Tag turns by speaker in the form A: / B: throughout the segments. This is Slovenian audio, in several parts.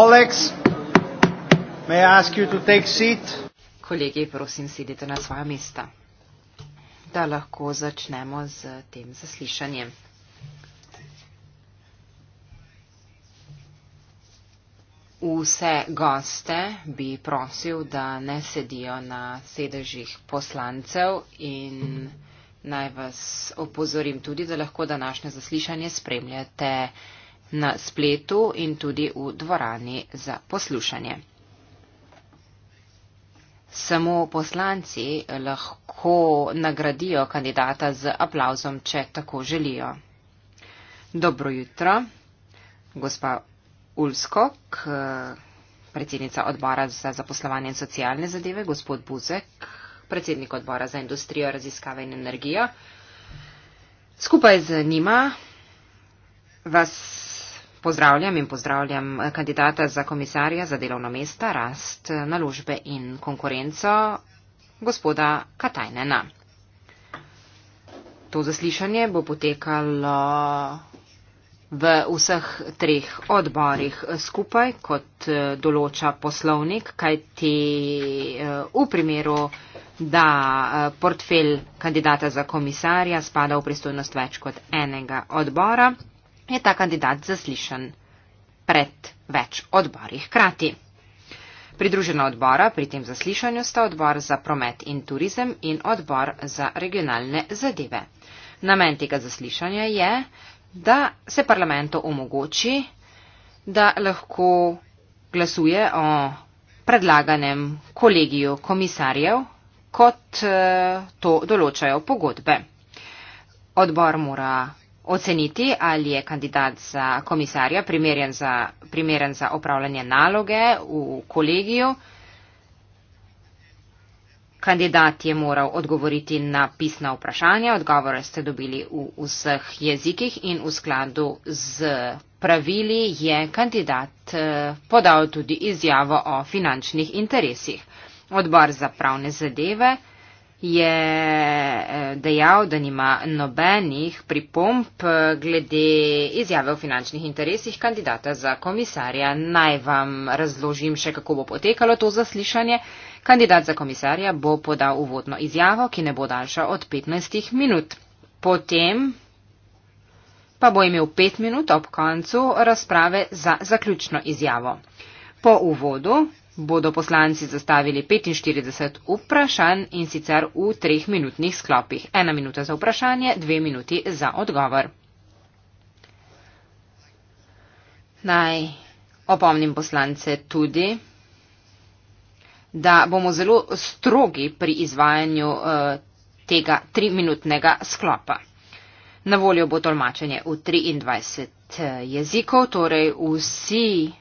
A: Colleagues, may I ask you to take seat? Kolegi, prosim, sedite na svoja mesta, da lahko začnemo z tem zaslišanjem. Vse goste bi prosil, da ne sedijo na sedežih poslancev in naj vas opozorim tudi, da lahko današnje zaslišanje spremljate na spletu in tudi v dvorani za poslušanje. Samo poslanci lahko nagradijo kandidata z aplauzom, če tako želijo. Dobro jutro, gospa Ulskok, predsednica odbora za zaposlovanje in socialne zadeve, gospod Buzek, predsednik odbora za industrijo, raziskave in energijo. Skupaj z njima vas Pozdravljam in pozdravljam eh, kandidata za komisarja za delovno mesta, rast eh, naložbe in konkurenco, gospoda Katajnena. To zaslišanje bo potekalo v vseh treh odborih eh, skupaj, kot določa poslovnik, kajti v primeru, da portfel kandidata za komisarja spada v pristojnost več kot enega odbora, je ta kandidat zaslišan pred več odbori hkrati. Pridružena odbora pri tem zaslišanju sta odbor za promet in turizem in odbor za regionalne zadeve. Namen tega zaslišanja je, da se parlamentu omogoči, da lahko glasuje o predlaganem kolegiju komisarjev, kot eh, to določajo pogodbe. Odbor mora oceniti, ali je kandidat za komisarja primeren za, primeren za opravljanje naloge v kolegiju. Kandidat je moral odgovoriti na pisna vprašanja, odgovore ste dobili v vseh jezikih in v skladu z pravili je kandidat eh, podal tudi izjavo o finančnih interesih. Odbor za pravne zadeve je eh, dejal, da nima nobenih pripomp eh, glede izjave o finančnih interesih kandidata za komisarja. Naj vam razložim še, kako bo potekalo to zaslišanje. Kandidat za komisarja bo podal uvodno izjavo, ki ne bo daljša od 15 minut. Potem pa bo imel 5 minut ob koncu razprave za zaključno izjavo. Po uvodu bodo poslanci zastavili 45 vprašanj in sicer v treh minutnih sklopih. Ena minuta za vprašanje, dve minuti za odgovor. Naj opomnim poslance tudi, da bomo zelo strogi pri izvajanju eh, tega triminutnega sklopa. Na voljo bo tolmačenje v 23 eh, jezikov, torej vsi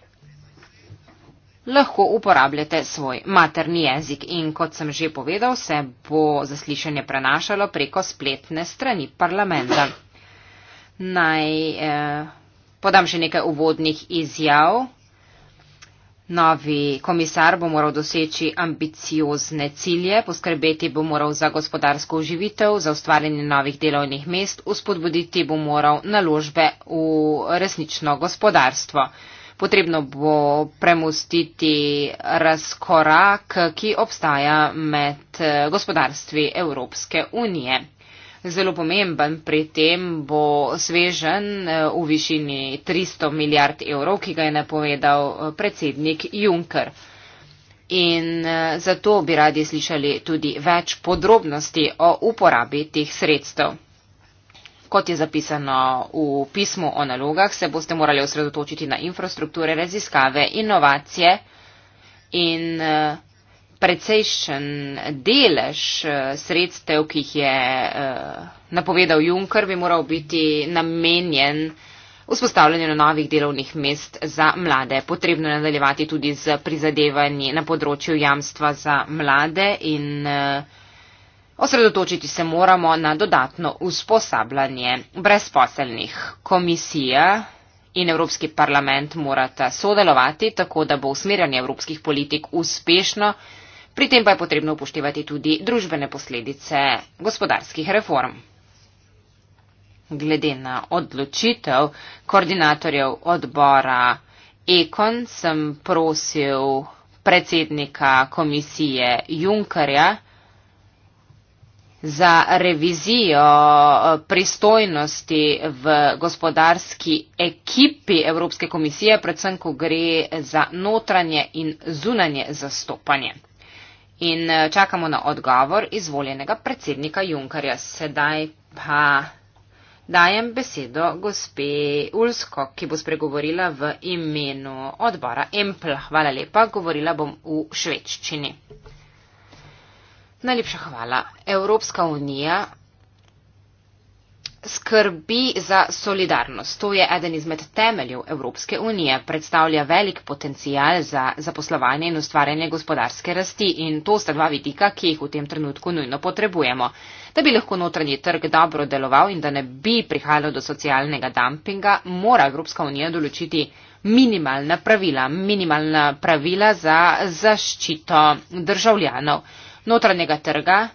A: lahko uporabljate svoj materni jezik in kot sem že povedal, se bo zaslišanje prenašalo preko spletne strani parlamenta. Naj eh, podam še nekaj uvodnih izjav. Novi komisar bo moral doseči ambiciozne cilje, poskrbeti bo moral za gospodarsko uživitev, za ustvarjanje novih delovnih mest, uspodbuditi bo moral naložbe v resnično gospodarstvo. Potrebno bo premustiti razkorak, ki obstaja med eh, gospodarstvi Evropske unije. Zelo pomemben pri tem bo svežen eh, v višini 300 milijard evrov, ki ga je napovedal eh, predsednik Juncker. In zato bi radi slišali tudi več podrobnosti o uporabi teh sredstev. Kot je zapisano v pismu o nalogah, se boste morali osredotočiti na infrastrukture, raziskave, inovacije in eh, precejšen delež eh, sredstev, ki jih je eh, napovedal Juncker, bi moral biti namenjen vzpostavljanju novih delovnih mest za mlade. Potrebno je nadaljevati tudi z prizadevanji na področju jamstva za mlade in uh, Osredotočiti se moramo na dodatno usposabljanje brezposelnih. Komisija in Evropski parlament morata sodelovati, tako da bo usmerjanje evropskih politik uspešno, pri tem pa je potrebno upoštevati tudi družbene posledice gospodarskih reform. Glede na odločitev koordinatorjev odbora Ekon sem prosil predsednika komisije Junkarja, za revizijo eh, pristojnosti v gospodarski ekipi Evropske komisije, predvsem ko gre za notranje in zunanje zastopanje. In eh, čakamo na odgovor izvoljenega predsednika Junkarja. Sedaj pa dajem besedo gospe Ulsko, ki bo spregovorila v imenu odbora Empl. Hvala lepa, govorila bom v šveččini. Najlepša hvala. Evropska unija skrbi za solidarnost. To je eden izmed temeljev Evropske unije, predstavlja velik potencial za zaposlovanje in ustvarjanje gospodarske rasti in to sta dva vidika, ki jih v tem trenutku nujno potrebujemo. Da bi lahko notranji trg dobro deloval in da ne bi prihajalo do socialnega dumpinga, mora Evropska unija določiti minimalna pravila, minimalna pravila za zaščito državljanov notranjega trga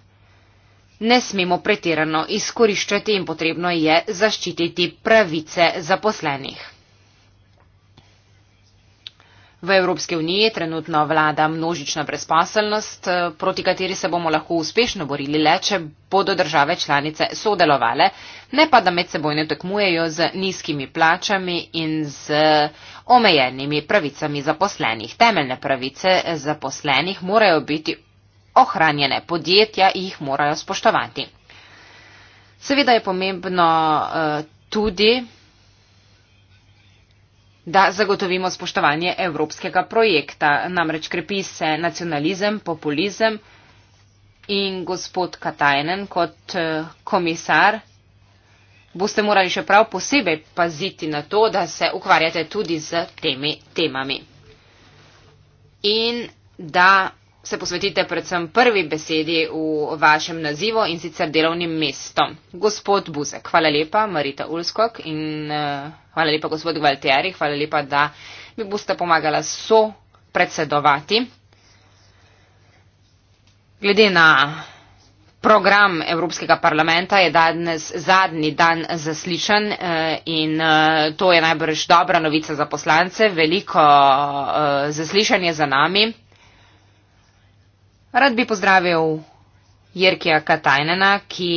A: ne smemo pretirano izkoriščati in potrebno je zaščititi pravice zaposlenih. V Evropske unije trenutno vlada množična brezposelnost, eh, proti kateri se bomo lahko uspešno borili le, če bodo države članice sodelovale, ne pa da med seboj ne tekmujejo z nizkimi plačami in z omejenimi pravicami zaposlenih. Temeljne pravice zaposlenih morajo biti ohranjene podjetja jih morajo spoštovati. Seveda je pomembno eh, tudi, da zagotovimo spoštovanje evropskega projekta. Namreč krepi se nacionalizem, populizem in gospod Katajnen kot eh, komisar. Boste morali še prav posebej paziti na to, da se ukvarjate tudi z temi temami. In da se posvetite predvsem prvi besedi v vašem nazivu in sicer delovnim mestom. Gospod Buzek, hvala lepa, Marita Ulskok in uh, hvala lepa, gospod Gvaltieri, hvala lepa, da mi boste pomagala so predsedovati. Glede na program Evropskega parlamenta je danes zadnji dan zaslišan eh, in eh, to je najbrž dobra novica za poslance. Veliko zaslišanje za nami. Rad bi pozdravil Jerkija Katajnena, ki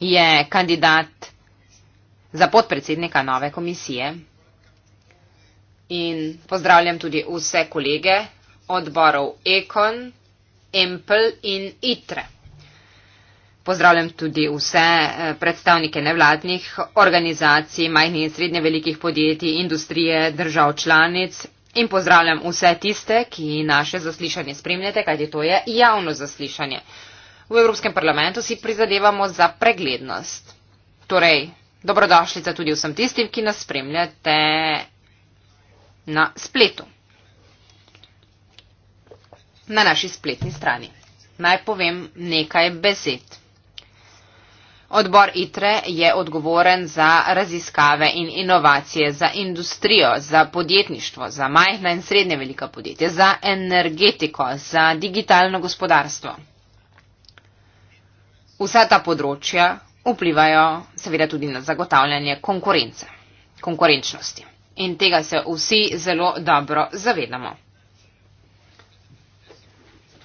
A: je kandidat za podpredsednika nove komisije. In pozdravljam tudi vse kolege odborov Ekon, Empel in ITRE. Pozdravljam tudi vse eh, predstavnike nevladnih organizacij, majhnih in srednje velikih podjetij, industrije, držav članic In pozdravljam vse tiste, ki naše zaslišanje spremljate, kajti to je javno zaslišanje. V Evropskem parlamentu si prizadevamo za preglednost. Torej, dobrodošlica tudi vsem tistim, ki nas spremljate na spletu. Na naši spletni strani. Naj povem nekaj besed. Odbor ITRE je odgovoren za raziskave in inovacije, za industrijo, za podjetništvo, za majhna in srednje velika podjetja, za energetiko, za digitalno gospodarstvo. Vsa ta področja vplivajo seveda tudi na zagotavljanje konkurence, konkurenčnosti. In tega se vsi zelo dobro zavedamo.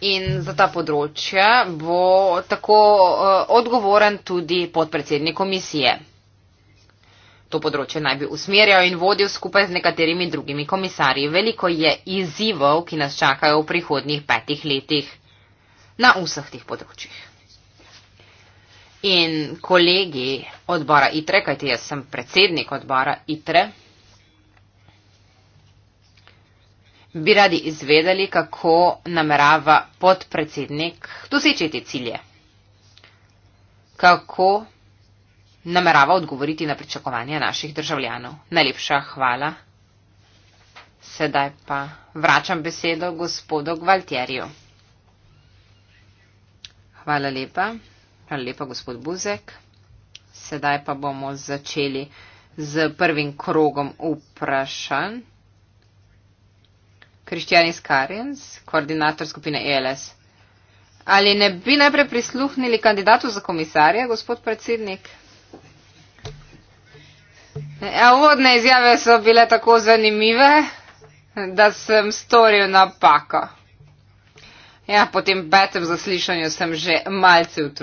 A: In za ta področja bo tako eh, odgovoren tudi podpredsednik komisije. To področje naj bi usmerjal in vodil skupaj z nekaterimi drugimi komisarji. Veliko je izzivov, ki nas čakajo v prihodnih petih letih na vseh tih področjih. In kolegi odbora ITRE, kajti jaz sem predsednik odbora ITRE, bi radi izvedeli, kako namerava podpredsednik doseči te cilje. Kako namerava odgovoriti na pričakovanja naših državljanov. Najlepša hvala. Sedaj pa vračam besedo gospodu Gvaltjerju. Hvala lepa. Hvala lepa, gospod Buzek. Sedaj pa bomo začeli z prvim krogom vprašanj. Krištjanis Karjens, koordinator skupine ELS. Ali ne bi najprej prisluhnili kandidatu za komisarja, gospod predsednik? Ja, uvodne izjave so bile tako zanimive, da sem storil napako. Ja, po tem petem zaslišanju sem že malce utrudil.